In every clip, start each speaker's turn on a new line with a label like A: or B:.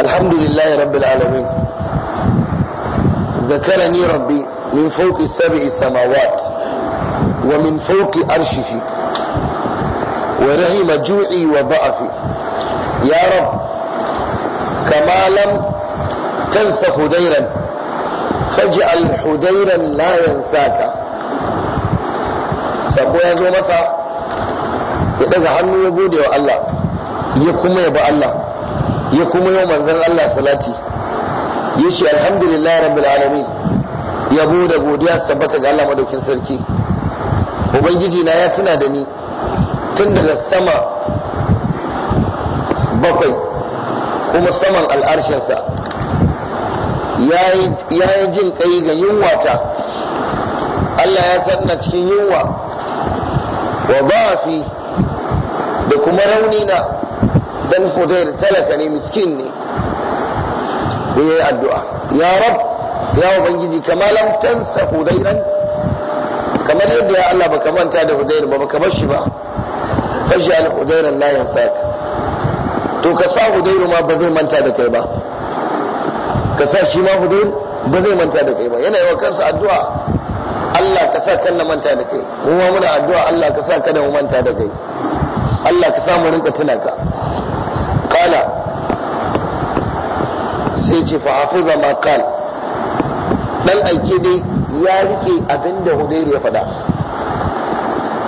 A: الحمد لله رب العالمين ذكرني ربي من فوق سبع سماوات ومن فوق أرشه ورحم جوعي وضعفي يا رب كما لم تنس حديرا فاجعل حديرا لا ينساك sako ya zo masa ya daga hannu ya gode wa Allah ya kuma yaba Allah ya kuma yau manzon Allah salati ya ce alhamdulillah rabbil alamin ya da godiya sabbata ga Allah madaukin sarki ubangiji na ya tuna da ni tun daga sama bakwai kuma saman al'arshinsa ya yi jin kai ga yunwa ta. Allah ya sanna cikin yunwa wa fi da kuma rauni na dan Fudair talaka ne miskin ne yi addu'a ya rab ya ubangiji kama lam hudai nan. kamar yadda ya Allah baka manta da Hudair ba ba bar shi ba fashi al Hudairan la yansaka to ka sa Hudair ma ba zai manta da kai ba ka sa shi ma Hudair ba zai manta da kai ba yana yawa kansa addu'a Allah ka sa kan na manta da kai kuma muna addu'a Allah ka sa kada mu manta da kai Allah ka sa mu rinka tuna ka ta'ala sai ce fa'afiza da kal dan ya rike abin da hudairu ya fada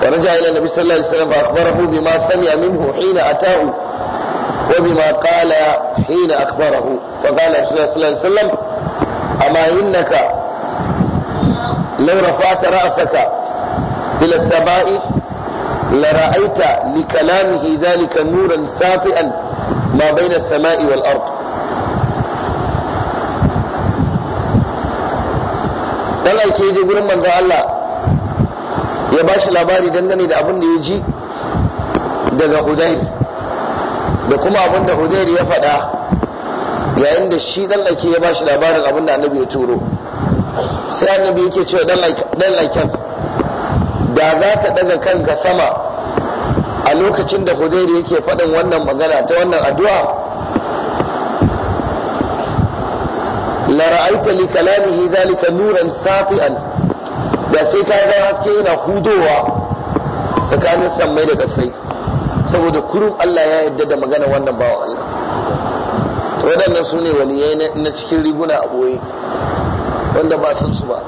A: wa raja ila nabi sallallahu alaihi wasallam akhbarahu bima sami'a minhu hina ata'u wa bima qala hina akhbarahu fa qala sallallahu alaihi wasallam ama innaka law rafa'ta ra'saka ila as-sama'i لرأيت لكلامه ذلك نورا سافئا ما بين السماء والأرض dan aike ya je gurin manzon Allah ya ba shi labari dangane da abin da ya ji daga Hudayr da kuma abin da Hudayr ya faɗa yayin da shi dan aike ya ba shi labarin abin da annabi ya turo sai annabi yake cewa dan aiken da za ka daga kanka sama a lokacin da hudairu yake faɗin wannan magana ta wannan addu'a la ra'aita li kalamihi zalika nuran safi'an da sai ka ga haske yana hudowa tsakanin sammai da kasai saboda kurum Allah ya yadda da magana wannan bawa Allah to waɗannan su ne waliyai na cikin riguna a ɓoye wanda ba san su ba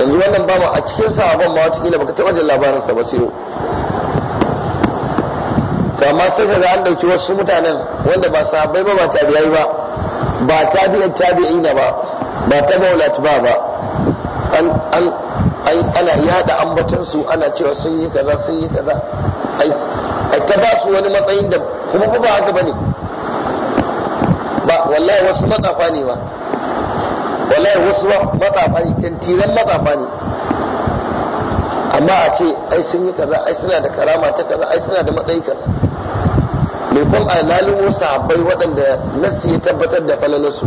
A: yanzu wannan bawa a cikin sahabban ma wata kila baka taɓa jin labarinsa ba siro to amma sai kaga an dauki wasu mutanen wanda ba sahabbai ba ba tabi'ai ba ba tabi'in tabi'ina ba ba tabi'ulat ba ba an an ai ana yada ambatan su ana cewa sun yi kaza sun yi kaza ai ta ba su wani matsayin da kuma ba haka bane ba wallahi wasu matsafa ne ba wallahi wasu matsafa ne tantiran matsafa ne amma a ce ai sun yi kaza ai suna da karama ta kaza ai suna da matsayi kaza bai kun a lalubo sahabbai waɗanda nassi ya tabbatar da falalarsu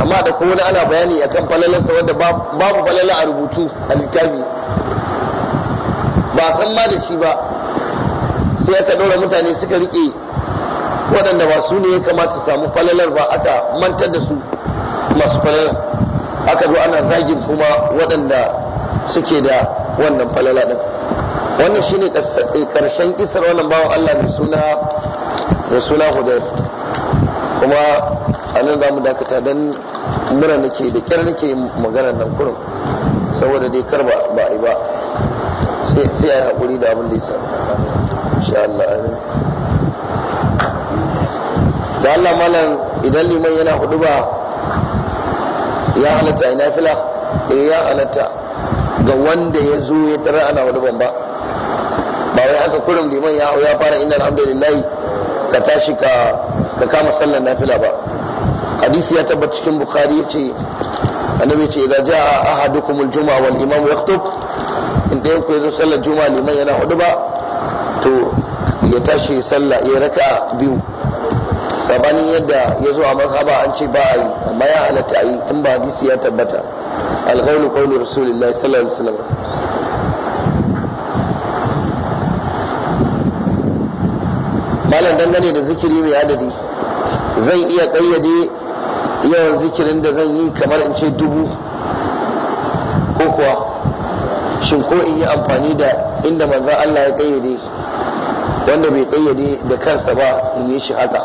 A: amma da kowane ana bayani akan falalarsa wanda babu falala a rubutu a littafi ba san ma da shi ba sai aka ɗora mutane suka riƙe waɗanda ba su ne ya kamata samu falalar ba aka mantar da su masu falalar aka zo ana zagin kuma waɗanda suke da wannan falala ɗin wannan shine karshen kisar wannan bawan Allah mai suna mai suna Hudayr kuma a nan za mu dakata don mura nake da kyar nake magana nan kurum saboda dai kar ba a yi ba sai a yi haƙuri da abin da ya sa insha Allah amin da Allah malam idan liman yana hudu ba ya halatta ina fila eh ya halatta ga wanda ya zo ya tara ana hudu ban ba wai aka kurin liman ya hau ya fara inda alhamdulillahi ka tashi ka ka kama sallar nafila ba hadisi ya tabbata cikin bukhari yace annabi yace idza jaa ahadukum al wal imam yaktub in dai ku yazo sallar juma'a liman yana hudu ba to ya tashi sallah ya raka biyu sabanin yadda ya zo a mazhaba an ce ba a yi amma ya halatta a yi in ba hadisi ya tabbata alƙawlu qawlu rasulillahi sallallahu alaihi wasallam malam dangane da zikiri mai adadi zan iya ƙayyade yawan zikirin da zan yi kamar in ce dubu ko kuwa shin ko in yi amfani da inda manzan Allah ya ƙayyade wanda bai ƙayyade da kansa ba in yi shi haka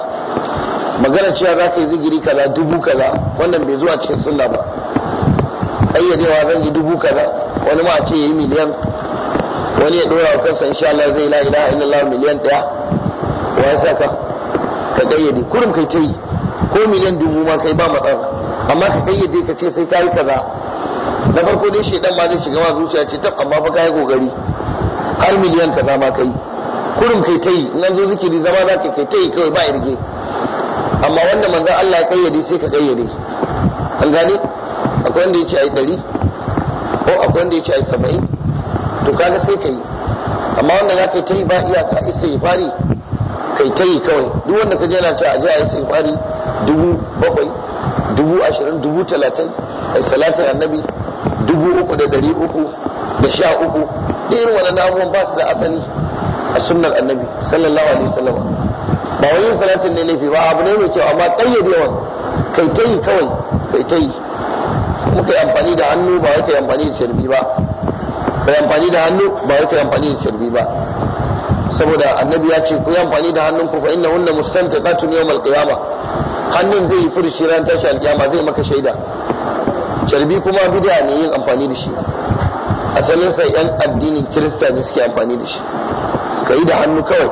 A: magana cewa za ka yi zikiri kaza dubu kaza wannan bai zuwa cikin sunna ba ƙayyadewa zan yi dubu kaza wani ma a ce ya yi miliyan wani ya ɗora wa kansa insha Allah zai la ilaha illallah miliyan ɗaya wa ya saka ka kayyade kurum kai ta yi ko miliyan dubu ma kai ba matsala amma ka kayyade ka ce sai ka yi kaza na farko dai dan ma zai shiga ma zuciya ce tab amma fa kai kokari har miliyan kaza ma kai kurum kai ta yi in an zo zikiri zama za ka kai ta yi kawai ba irge amma wanda manzan Allah ya kayyade sai ka kayyade an gane akwai wanda ya ce a yi ɗari ko akwai wanda ya ce a yi saba'in to kaga sai ka yi amma wanda za ka yi ta yi ba iyaka isa ya fari kai ta yi kawai duk wanda ka jana ta a ji a yi sigfari dubu bakwai dubu ashirin dubu talatin a salatin annabi dubu uku da dari uku da sha uku da irin wani namuwan ba su da asali a sunnar annabi sallallahu alaihi wasallam ba wani yin salatin ne laifi ba abu ne mai kyau amma kayyade yawan kai ta yi kawai kai ta yi muka yi amfani da hannu ba wai kai amfani da ba kai amfani da hannu ba wai kai amfani da ba saboda annabi ya ce ku yi amfani da hannun ku fa inna hunna mustantiqatun yawmal qiyamah hannun zai yi furuci ran tashi alkiyama zai maka shaida carbi kuma bid'a ne yin amfani da shi asalin sa yan addinin kirista ne suke amfani da shi kai da hannu kawai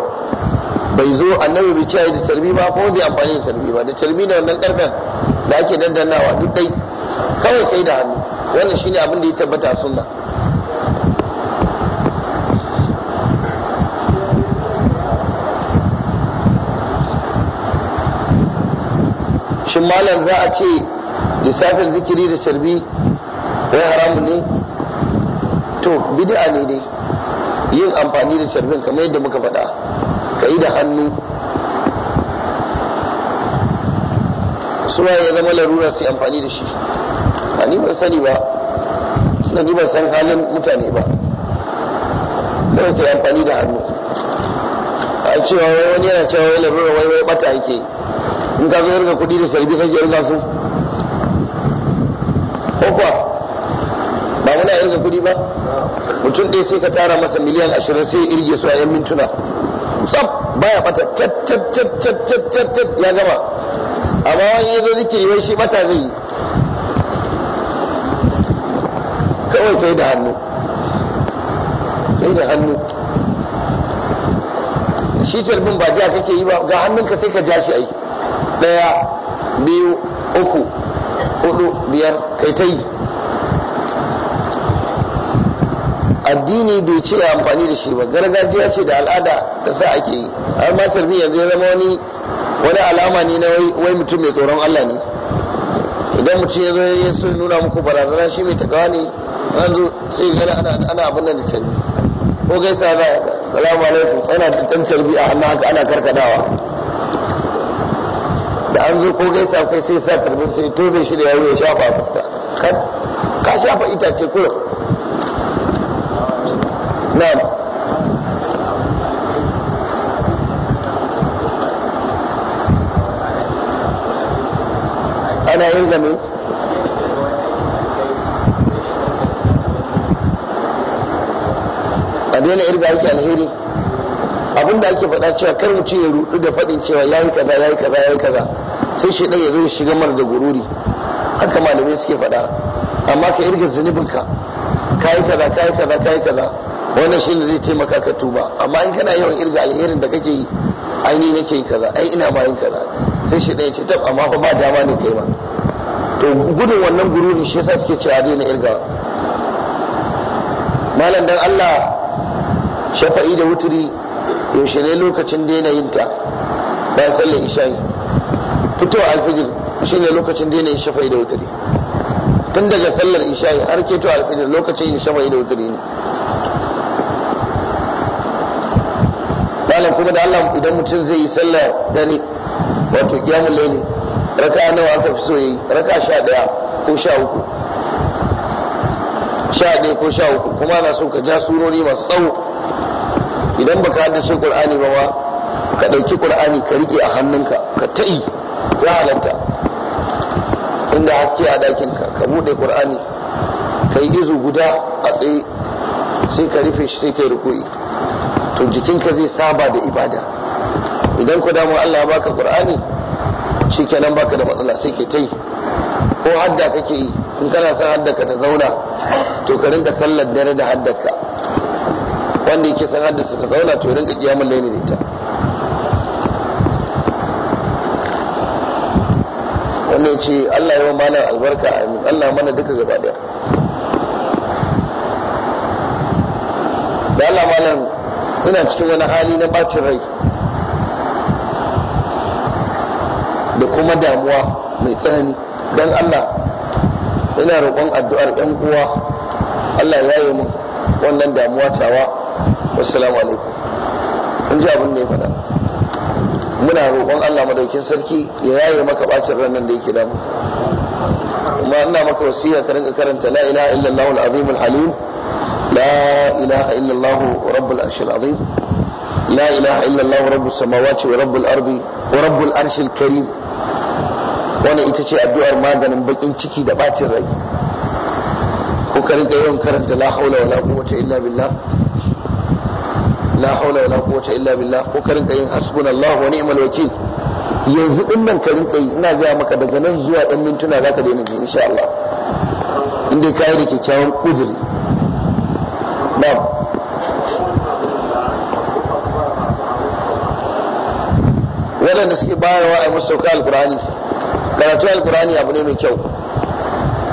A: bai zo annabi bai ce da charbi ba ko bai amfani da charbi ba da charbi da wannan karfen da ake dandannawa duk dai kawai kai da hannu wannan shine abin da ya tabbata sunna shin malam za a ce lissafin zikiri da carbi wai haramun ne to bid'a ne ne yin amfani da carbin kamar yadda muka faɗa ka yi da hannu suna ya zama larura sai amfani da shi a ni ban sani ba na ni ban san halin mutane ba kawai ka yi amfani da hannu a cewa wani yana cewa wai larura wai wai bata yake in ka zo irga kudi da salbi kake irga su ko kuwa ba muna irga kudi ba mutum ɗaya sai ka tara masa miliyan ashirin sai irge su a yan mintuna tsab baya bata cat cat cat cat cat ya gama amma wani ya zo zikiri wai shi bata zai yi kawai kai da hannu kai da hannu shi tarbin ba jiya kake yi ba ga hannunka sai ka ja shi aiki ɗaya biyu uku hudu biyar kai ta yi addini bai ce amfani da shi ba gargajiya ce da al'ada ta sa ake yi har ma tarbi yanzu ya zama wani wani alama ne na wai mutum mai tsoron Allah ne idan mutum ya zo ya so nuna muku barazana shi mai takawa ne yanzu sai gani ana abin da tarbi ko gaisa za a, salamu alaikum yana tan tarbi a haka ana karkadawa da an zo ko gaisa kai sai sa turbin sai tobe shi da yaro ya shafa fuska ka shafa itace ko na ana yin zame a daina irga yake alheri abinda ake faɗa cewa kar mutum ya rudu da faɗin cewa ya yi kaza ya yi kaza ya yi kaza sai shi ɗaya zo shiga mar da gururi haka malamai suke faɗa amma ka irga zunubinka ka yi kaza ka yi kaza ka yi kaza wannan shi ne zai taimaka ka tuba amma in kana yawan irga alherin da kake yi ai ni nake yin kaza ai ina ma yin kaza sai shi ya ce tab amma fa ba dama ne kai ba. to gudun wannan gururi shi yasa suke cewa na irga malam dan Allah shafa'i da wuturi yaushe ne lokacin daina yin ta bayan sallar isha'i fitowa alfijir shine lokacin daina shafa'i da wuturi tun daga sallar isha'i har to alfijir lokacin yin shafa'i da wuturi ne malam kuma da Allah idan mutum zai yi sallar dare wato kiyamul layli raka nawa aka fi so yi raka sha daya ko sha uku sha daya ko sha uku kuma na so ka ja surori masu tsawo idan baka haddace qur'ani ba ma ka ɗauki qur'ani ka rike a hannunka ka ta'i ya halatta inda haske a dakin ka buɗe ƙur'ani ka yi izu guda a tsaye sai ka rufe shi sai ka yi rukuri to jikinka zai saba da ibada idan ku damu Allah baka ƙur'ani shi kenan baka da matsala sai ke ta yi ko hadda kake yi in kana son haddaka ta zauna to ka rinka sallar dare da haddaka wanda yake son haddasa ta zauna to rinka kiyamun laini da ita wanda ya ce Allah yawan malam albarka amin Allah mana duka gaba daya da Allah malam ina cikin wani hali na bacin rai da kuma damuwa mai tsanani don Allah ina roƙon addu'ar 'yan uwa Allah ya yi mun wannan damuwa tawa wasu alaikum in ji abin da ya faɗa muna roƙon Allah madaukin sarki ya yaye maka bacin ranar da yake damu kuma ina maka wasiya ka rinka karanta la ilaha illallah al-azim al-halim la ilaha illallah rabbul arshil azim la ilaha illallah rabbus samawati wa rabbul ardi wa rabbul arshil karim wannan ita ce addu'ar maganin bakin ciki da bacin rai ko ka rinka yawan karanta la haula wala quwwata illa billah la haula wala quwwata illa billah ko karin rinka yin hasbunallahu wa ni'mal wakil yanzu din nan ka rinka yi ina ga maka daga nan zuwa ɗan mintuna zaka daina ji insha Allah inda kai da kyakkyawan kudiri na'am waɗanda suke bayarwa a musu Alƙur'ani karatu Alƙur'ani abu ne mai kyau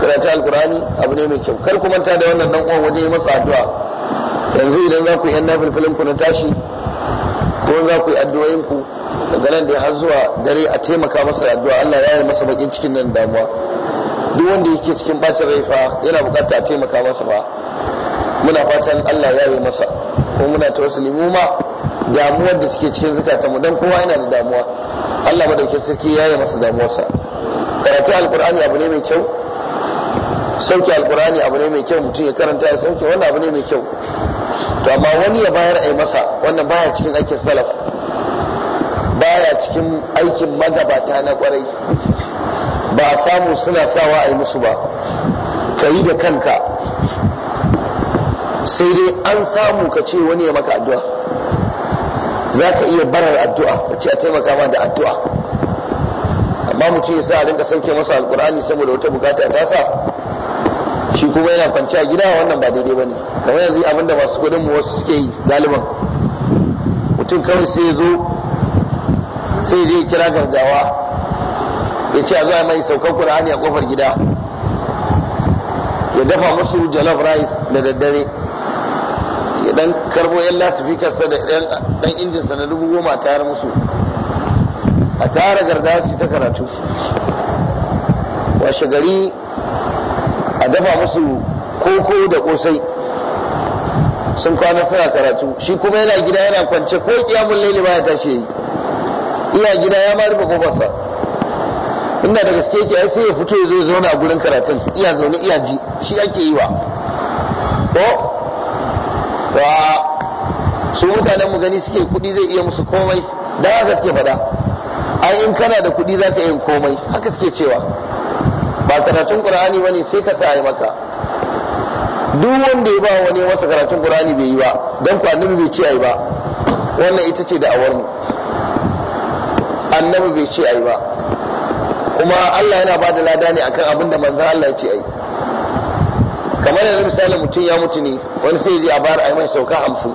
A: karatu Alƙur'ani abu ne mai kyau kar ku manta da wannan dan uwan waje masa addu'a yanzu idan za ku yi yan nafilfilin ku na tashi ko za ku yi addu'o'in ku daga nan da har zuwa dare a taimaka masa addu'a Allah ya yi masa bakin cikin nan damuwa duk wanda yake cikin bacin rai fa yana bukata a taimaka masa fa muna fatan Allah ya yi masa ko muna ta wasu limu ma damuwar da take cikin mu dan kowa yana da damuwa Allah madaukakin sarki ya yi masa damuwarsa karatu alkur'ani abu ne mai kyau sauke alkur'ani abu ne mai kyau mutum ya karanta ya sauke wannan abu ne mai kyau to amma wani ya bayar a yi masa wannan baya cikin aikin salaf baya cikin aikin magabata na kwarai ba a samu suna sawa a yi musu ba ka yi da kanka sai dai an samu ka ce wani ya maka addu'a za ka iya barar addu'a ka ce a taimaka ma da addu'a amma mutum ya sa a rinka sauke masa alkur'ani saboda wata bukata ta sa shi kuma yana a gida wannan ba daidai bane kamar yanzu abinda masu kudin mu wasu suke yi galiban mutum kawai sai ya zo sai je kira gargawa ya ce a zuwa mai saukar kur'ani a kofar gida ya dafa musu jollof rice da daddare ya dan karbo yan lasifikarsa da dan injinsa na dubu goma a tayar musu a tara gargawa ta karatu washe gari a dafa musu koko da kosai sun kwana suna karatu shi kuma yana gida yana kwance ko kiyamun laili ba ya tashi yi iya gida ya ma rufe kofarsa inda da gaske yake ai sai ya fito ya zo zauna a gurin karatun iya zaune iya ji shi ake yi wa ko wa su mutanen mu gani suke kudi zai iya musu komai da haka suke faɗa ai in kana da kudi zaka iya komai haka suke cewa ba karatun qur'ani bane sai ka sa maka duk wanda ya ba wani masa karatun qur'ani bai yi ba dan ku annabi bai ce ai ba wannan ita ce da awarmu annabi bai ce ai ba kuma Allah yana ba da lada ne akan abin da manzon Allah ya ce ai kamar yanzu misali mutum ya mutu ne wani sai ya a bayar a yi mai sauka hamsin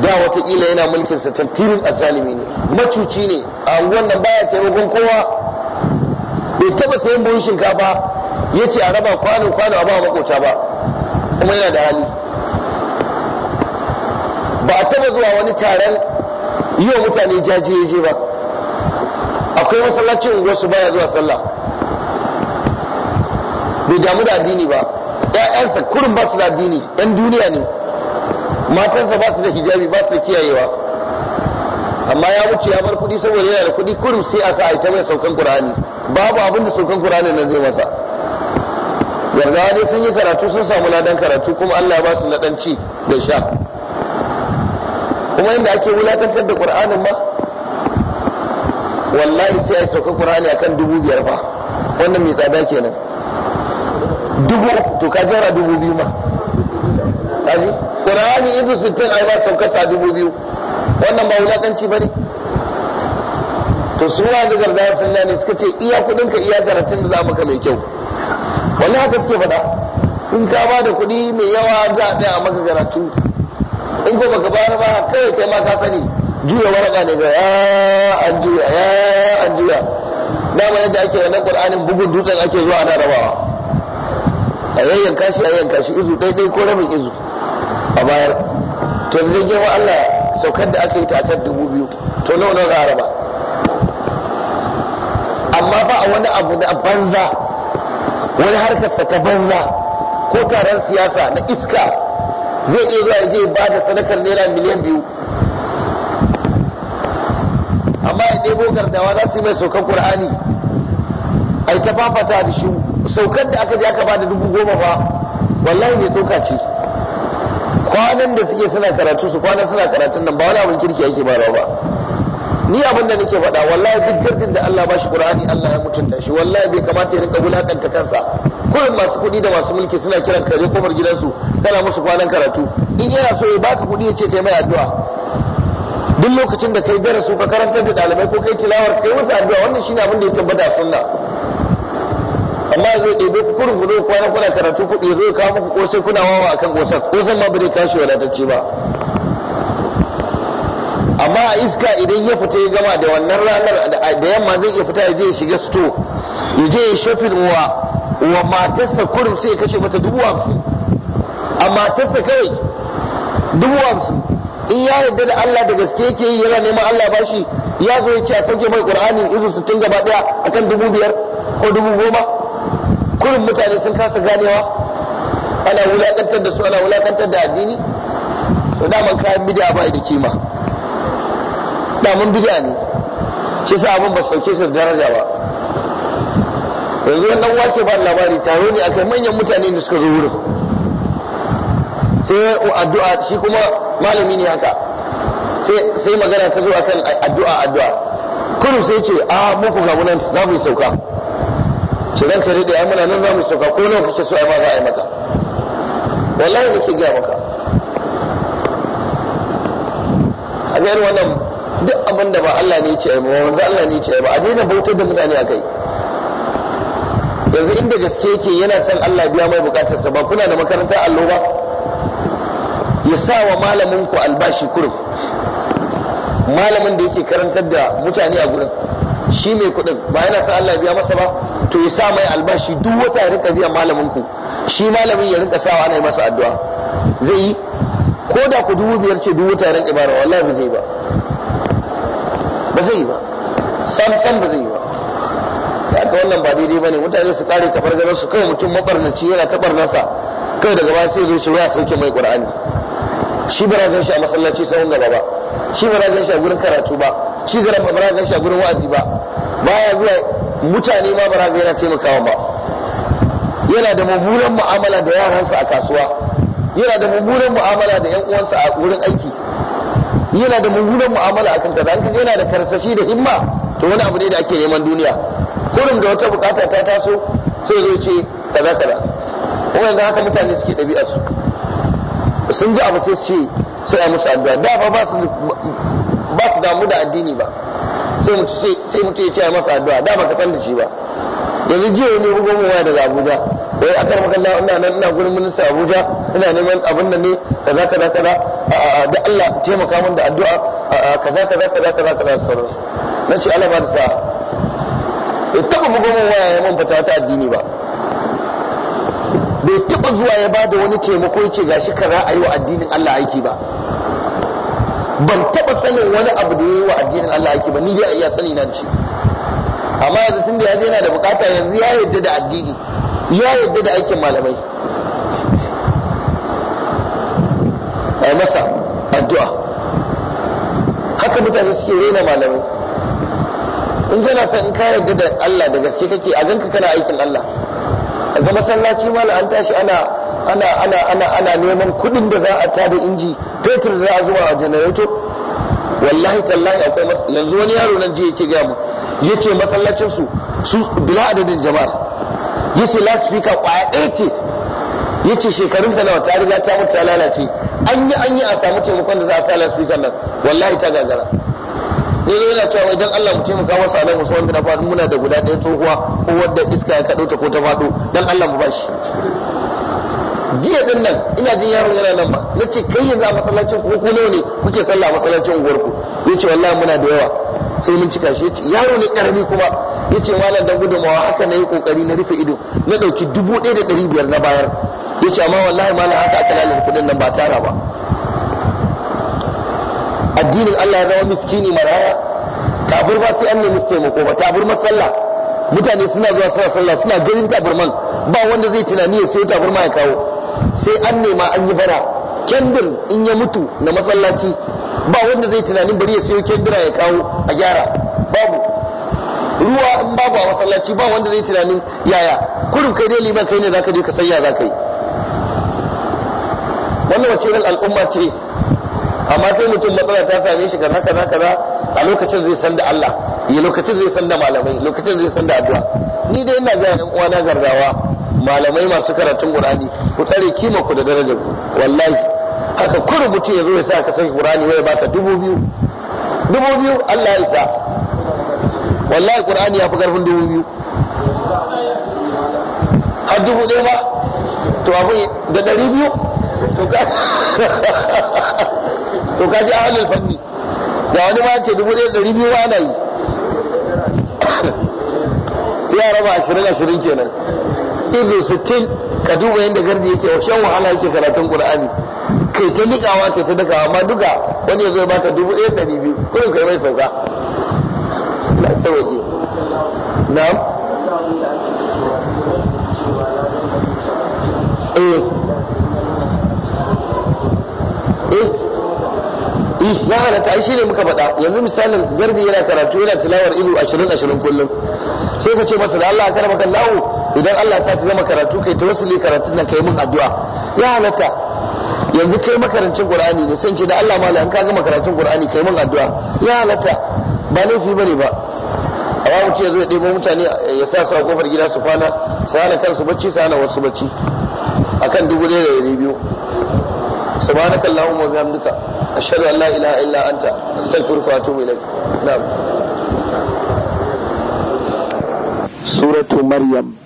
A: da watakila yana mulkin sa tantirin azalimi ne macuci ne a wannan baya taimakon kowa bai taba sayan buhun shinkafa ya ce a raba kwanon kwano a ba makota ba kuma yana da hali ba a taba zuwa wani taron yi wa mutane jajiyeje ba akwai masallacin su baya zuwa sallah bai damu da addini ba ‘ya'yansa kurin ba su da addini ‘yan duniya ne matansa ba su da hijabi ba su da kiyayewa amma ya wuce ya bar kuɗi saboda yana da kuɗi kurin sai a sa a yi ta mai saukan ƙur'ani babu abin da saukan kurani nan zai masa yarda dai sun yi karatu sun samu ladan karatu kuma Allah ya ba su na ci da sha kuma inda ake wulakantar da kur'anin ma wallahi sai a yi kurani a akan dubu biyar fa wannan mai tsada kenan dubu to ka jara dubu biyu ma kurani izu sittin ai ba sauka sa dubu biyu wannan ba wulakanci ne? to su ya ga gardawa sallah ne suka ce iya kudin ka iya karatun da za maka mai kyau wallahi haka suke faɗa in ka ba da kuɗi mai yawa za a tsaya maka karatu in ko baka bayar ba kawai kai ma ka sani juya waraka ne ga ya an juya ya an juya dama yadda ake wannan qur'anin bugun dutsen ake zuwa ana rabawa a yayyanka shi a yayyanka shi izu ɗaiɗai ko rabin izu a bayar to zai girma Allah saukar da aka yi takar dubu biyu to nawa nawa za a raba amma ba a wani abu na banza wani harkarsa ta banza ko taron siyasa na iska zai iya zuwa je ba da sadakar naira miliyan biyu amma ya ɗebo gardawa za su yi mai saukan ƙur'ani a yi ta fafata da shi Saukan da aka je aka ba da dubu goma ba wallahi ne toka ce kwanan da suke suna karatu su kwanan suna karatun nan ba wani abin kirki ake barawa ba ni abin da nake faɗa wallahi duk jirgin da Allah ba shi Qur'ani Allah ya mutunta shi wallahi bai kamata ya rinka wulakanta kansa kullum masu kuɗi da masu mulki suna kiran ka je gidansu kana musu kwanan karatu in yana so ya baka kuɗi ya ce kai mai addu'a duk lokacin da kai darasu ka karantar da ɗalibai ko kai tilawar kai musu addu'a wannan shine abin da ya tabbata sunna amma zai ɗebe ku kurin gudu kwanan kuna karatu kuɗi zai kawo muku kosai kuna wawa akan ƙosan ƙosan ma bai kashe wadatacce ba amma a iska idan ya fita ya gama da wannan ranar da yamma zai iya fita ya je ya shiga sto ya je ya shafin wa wa matarsa kurin sai ya kashe mata dubu hamsin a matarsa kai dubu hamsin in ya yarda da Allah da gaske yake yi yana neman Allah bashi ya zo ya ce a sauke mai Qur'ani izu tun gaba daya akan dubu biyar ko dubu goma kurin mutane sun kasa ganewa ana wulakantar da su ana wulakantar da addini to daman kayan bid'a ba da kima mun bid'a ne shi sa abin ba sauke su daraja ba yanzu wani dan wake ba labari taro ne akai manyan mutane da suka zo wurin sai addu'a shi kuma malami ne haka sai magana ta zo akan addu'a addu'a kudu sai ce a muku ga nan za mu yi sauka ce ran kare da muna nan za mu yi sauka ko nawa kake so a ma za a yi maka wallahi ke gaya maka a ga irin wannan duk abin da ba Allah ne ce ba wanzu Allah ne ce ba a daina bautar da mutane a kai yanzu inda gaske yake yana son Allah biya mai bukatarsa ba kuna da makaranta allo ba ya sa wa malamin ku albashi kurum malamin da yake karantar da mutane a gurin shi mai kuɗin ba yana son Allah biya masa ba to ya sa mai albashi duk wata ya rinka biyan malamin ku shi malamin ya rinka sawa ana yi masa addu'a zai yi ko da ku dubu biyar ce dubu tarin ibara wallahi ba zai ba ba zai yi ba sam sam ba zai yi ba ya ka wannan ba daidai ba ne mutane su kare tabargazar su kawai mutum mabarnaci yana nasa kai daga ba sai zuci ruwa sauke mai qur'ani shi ba ragan shi a masallaci sahun gaba ba shi ba ragan shi a gurin karatu ba shi zara ba ragan shi a gurin wa'azi ba baya zuwa mutane ma ba ragan yana taimakawa ba yana da mummunan mu'amala da yaransa a kasuwa yana da mummunan mu'amala da yan uwansa a wurin aiki yana da mummunan mu'amala akan kaza an yana da karsashi da himma to wani abu ne da ake neman duniya kurum da wata bukata ta taso sai zo ce kaza kaza wannan haka mutane suke ɗabi'ar su sun ji abu sai su ce sai a musu addu'a da fa ba su ba su damu da addini ba sai mutu sai mutu ya ce a masa addu'a da ba ka san da shi ba yanzu jiya ne bugon mu waya daga Abuja wai akar makalla ina nan ina gurin minista Abuja ina neman abin nan ne kaza kaza kaza da Allah taimaka min da addu'a kaza kaza kaza kaza kaza sauransu na ce Allah ba da sa'a bai taɓa bugun min waya ya mun fata ta addini ba bai taɓa zuwa ya ba da wani taimako ya ce gashi kaza a yi wa addinin Allah aiki ba ban taɓa sanin wani abu da ya yi wa addinin Allah aiki ba ni dai a iya sani na da shi amma yanzu tun da ya je yana da bukata yanzu ya yarda da addini ya yarda da aikin malamai a masa addu'a haka mutane suke raina malamai in gana son in ka yarda da Allah da gaske kake a ganka kana aikin Allah ga masallaci malam an tashi ana ana ana ana ana neman kuɗin da za a tada inji fetur da za a zuba a janareto wallahi tallahi akwai yanzu wani yaro nan je yake gaya mu yace masallacin su su bila adadin jama'a yace last speaker kwaya ɗaya ce yace shekarun ta nawa ta riga ta mutu ta lalace an yi an yi a samu taimakon da za a sa lasfikan nan wallahi ta gagara ne ne yana cewa idan Allah mu taimaka wa nan musu wanda na faɗi muna da guda ɗaya tsohuwa ko wadda iska ya kaɗo ta ko ta faɗo dan Allah mu bashi jiya din nan ina jin yaron yana nan ba na ce kai yanzu a masallacin ku ku ne kuke sallah a masallacin unguwarku ya ce wallahi muna da yawa sai mun cika shi yaro ne karami kuma ya ce malam da gudumawa haka na yi kokari na rufe ido na ɗauki dubu ɗaya da ɗari biyar na bayar ya ce amma wallahi ma haka aka lalata kudin nan ba tara ba addinin Allah ya zama miskini maraya tabur ba sai an nemi taimako ba tabur masalla mutane suna zuwa suna sallah suna ganin taburman ba wanda zai tunani ya sayo ma ya kawo sai an nema an yi bara kendir in ya mutu na masallaci ba wanda zai tunanin bari ya sayo kendira ya kawo a gyara babu ruwa in babu a masallaci ba wanda zai tunanin yaya kurum kai dai liman kai ne zaka je ka sanya zaka yi wannan wace irin al'umma ce amma sai mutum matsala ta same shi kaza kaza kaza a lokacin zai san da Allah ya lokacin zai san da malamai lokacin zai san da addu'a ni dai ina ga yan uwana gardawa malamai masu karatun Qur'ani ku tsare kima ku da darajar ku wallahi haka ku rubuta yazo ya sa ka san Qur'ani wai baka dubu biyu dubu biyu Allah ya isa wallahi Qur'ani ya fi karfin dubu biyu a dubu ɗaya ba to abu da ɗari biyu to ka ji ahalul fanni da wani ma ce dubu ɗaya ɗari biyu ana yi sai ya raba ashirin ashirin kenan izu sittin ka duba yadda gardi yake shan wahala yake karatun qur'ani kai ta niƙawa kai ta dakawa amma duka wani ya zo baka dubu ɗaya ɗari biyu kullum kai mai sauka na sauƙi na eh yi ya halatta ai shine muka faɗa yanzu misalin garbi yana karatu yana tilawar ilu 20 20 kullum sai ka ce masa da Allah maka lawo idan Allah sa ka gama karatu kai tawassuli karatun nan kai mun addu'a ya halatta yanzu kai makarancin Qur'ani ne sai ce da Allah mala an ka gama karatun Qur'ani kai mun addu'a ya halatta ba laifi bane ba ba mutum ya zo ya ɗebo mutane ya sa su a kofar gida su kwana su hana kansu bacci su hana wasu bacci akan dubu ɗaya da biyu subhanakallahumma wa bihamdika ashhadu an la ilaha illa anta astaghfiruka wa atubu ilaik na'am suratu maryam